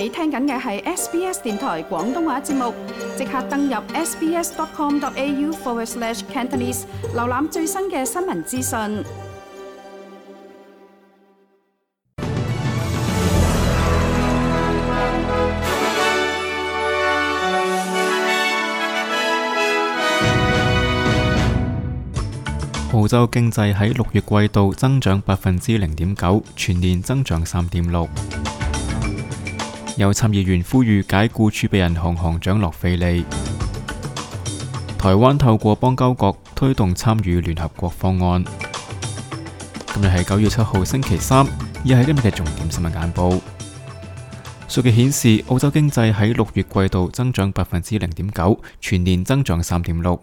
你聽緊嘅係 SBS 電台廣東話節目，即刻登入 sbs.com.au/cantonese 瀏覽最新嘅新聞資訊。澳洲經濟喺六月季度增長百分之零點九，全年增長三點六。有參議員呼籲解雇儲備銀行行長洛斐利。台灣透過邦交國推動參與聯合國方案。今日係九月七號，星期三，以下係今日嘅重點新聞簡報。數據顯示，澳洲經濟喺六月季度增長百分之零點九，全年增長三點六。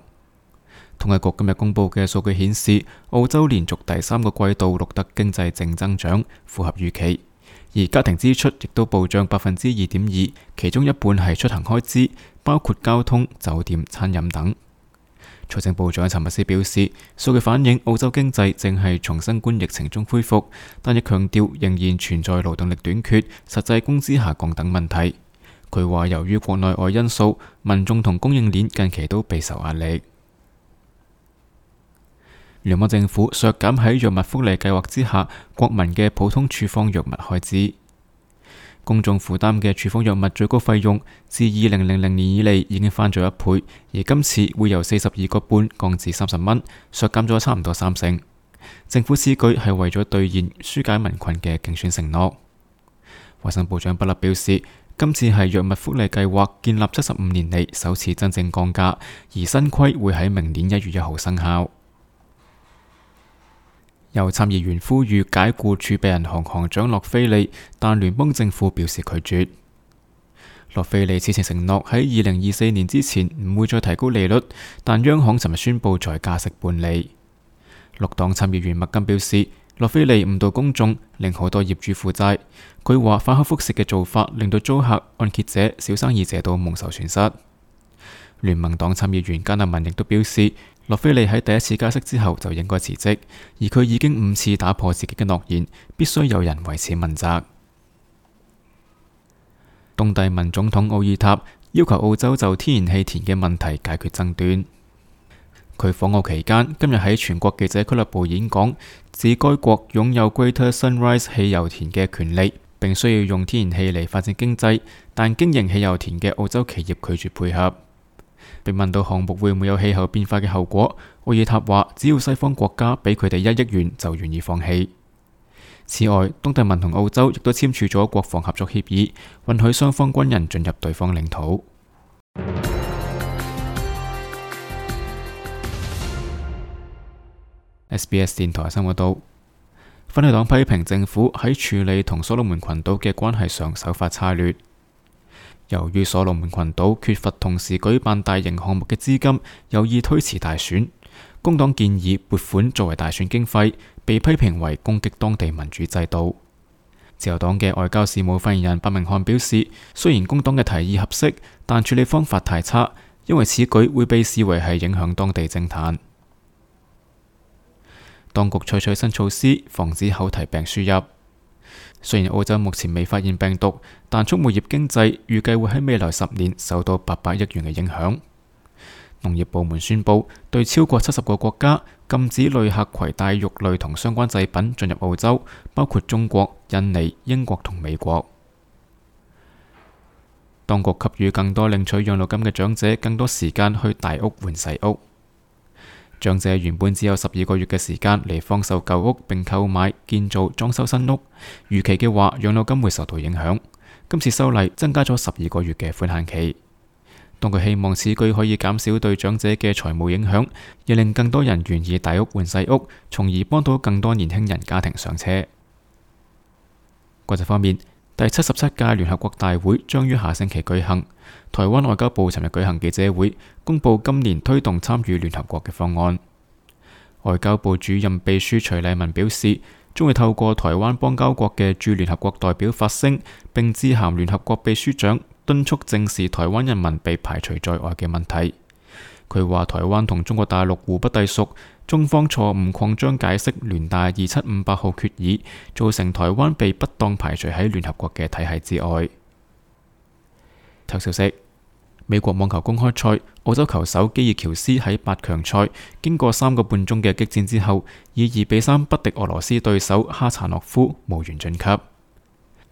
統計局今日公佈嘅數據顯示，澳洲連續第三個季度錄得經濟正增長，符合預期。而家庭支出亦都暴漲百分之二點二，其中一半係出行開支，包括交通、酒店、餐飲等。財政部長陳密斯表示，數據反映澳洲經濟正係從新冠疫情中恢復，但亦強調仍然存在勞動力短缺、實際工資下降等問題。佢話，由於國內外因素，民眾同供應鏈近期都備受壓力。聯邦政府削減喺藥物福利計劃之下國民嘅普通處方藥物開支，公眾負擔嘅處方藥物最高費用，自二零零零年以嚟已經翻咗一倍，而今次會由四十二個半降至三十蚊，削減咗差唔多三成。政府此舉係為咗兌現紓解民困嘅競選承諾。衛生部長畢拿表示，今次係藥物福利計劃建立七十五年嚟首次真正降價，而新規會喺明年一月一號生效。由參議員呼籲解雇儲備銀行行長洛菲利，但聯邦政府表示拒絕。洛菲利此前承諾喺二零二四年之前唔會再提高利率，但央行尋日宣布再加息半厘。綠黨參議員麥金表示，洛菲利誤導公眾，令好多業主負債。佢話反口覆舌嘅做法，令到租客、按揭者、小生意者都蒙受損失。聯盟黨參議員加納文亦都表示。洛菲利喺第一次加息之後就應該辭職，而佢已經五次打破自己嘅諾言，必須有人維持問責。東帝汶總統奧爾塔要求澳洲就天然氣田嘅問題解決爭端。佢訪澳期間今日喺全國記者俱樂部演講，指該國擁有 Greater Sunrise 氣油田嘅權利，並需要用天然氣嚟發展經濟，但經營氣油田嘅澳洲企業拒絕配合。被問到項目會唔會有氣候變化嘅後果，奧爾塔話：只要西方國家俾佢哋一億元，就願意放棄。此外，東帝汶同澳洲亦都簽署咗國防合作協議，允許雙方軍人進入對方領土。 SBS 電台《生活道》，反對黨批評政府喺處理同所羅門群島嘅關係上手法差劣。由於所羅門群島缺乏同時舉辦大型項目嘅資金，有意推遲大選。工黨建議撥款作為大選經費，被批評為攻擊當地民主制度。自由黨嘅外交事務發言人白明翰表示，雖然工黨嘅提議合適，但處理方法太差，因為此舉會被視為係影響當地政壇。當局採取新措施，防止口蹄病輸入。雖然澳洲目前未發現病毒，但畜牧業經濟預計會喺未來十年受到八百億元嘅影響。農業部門宣佈對超過七十個國家禁止旅客攜帶肉類同相關製品進入澳洲，包括中國、印尼、英國同美國。當局給予更多領取養老金嘅長者更多時間去大屋換細屋。長者原本只有十二個月嘅時間嚟放售舊屋並購買建造裝修新屋，預期嘅話養老金會受到影響。今次修例增加咗十二個月嘅寬限期。當局希望此舉可以減少對長者嘅財務影響，亦令更多人願意大屋換細屋，從而幫到更多年輕人家庭上車。國際方面，第七十七屆聯合國大會將於下星期舉行。台灣外交部尋日舉行記者會，公布今年推動參與聯合國嘅方案。外交部主任秘書徐麗文表示，將會透過台灣邦交國嘅駐聯合國代表發聲，並致函聯合國秘書長，敦促正視台灣人民被排除在外嘅問題。佢話：台灣同中國大陸互不隸屬，中方錯誤擴張解釋聯大二七五八號決議，造成台灣被不當排除喺聯合國嘅體系之外。頭消息：美國網球公開賽，澳洲球手基爾喬斯喺八強賽經過三個半鐘嘅激戰之後，以二比三不敵俄羅斯對手哈查諾夫，無緣晉級。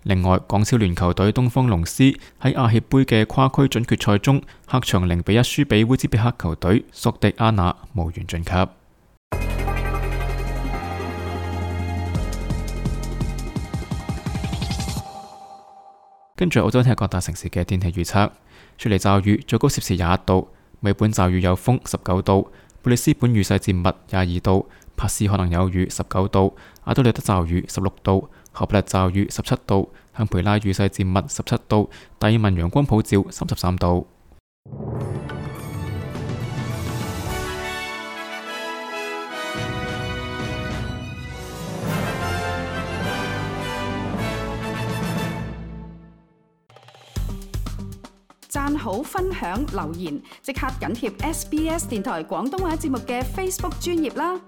另外，港超聯球隊東方龍獅喺亞協盃嘅跨區準決賽中，客場零比一輸俾烏茲別克球隊索迪阿納，無緣晉級。 跟住，澳洲係各大城市嘅天氣預測：雪梨，驟雨，最高攝氏廿一度；墨本驟雨有風，十九度；布里斯本雨勢漸密，廿二度；珀斯可能有雨，十九度；阿德萊德驟雨，十六度。荷巴特驟雨十七度，坎培拉雨勢漸密十七度，達爾文陽光普照三十三度。讚好，分享，留言，即刻緊貼 SBS 電台廣東話節目嘅 Facebook 專頁啦！